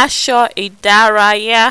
aṣọ ìdárayá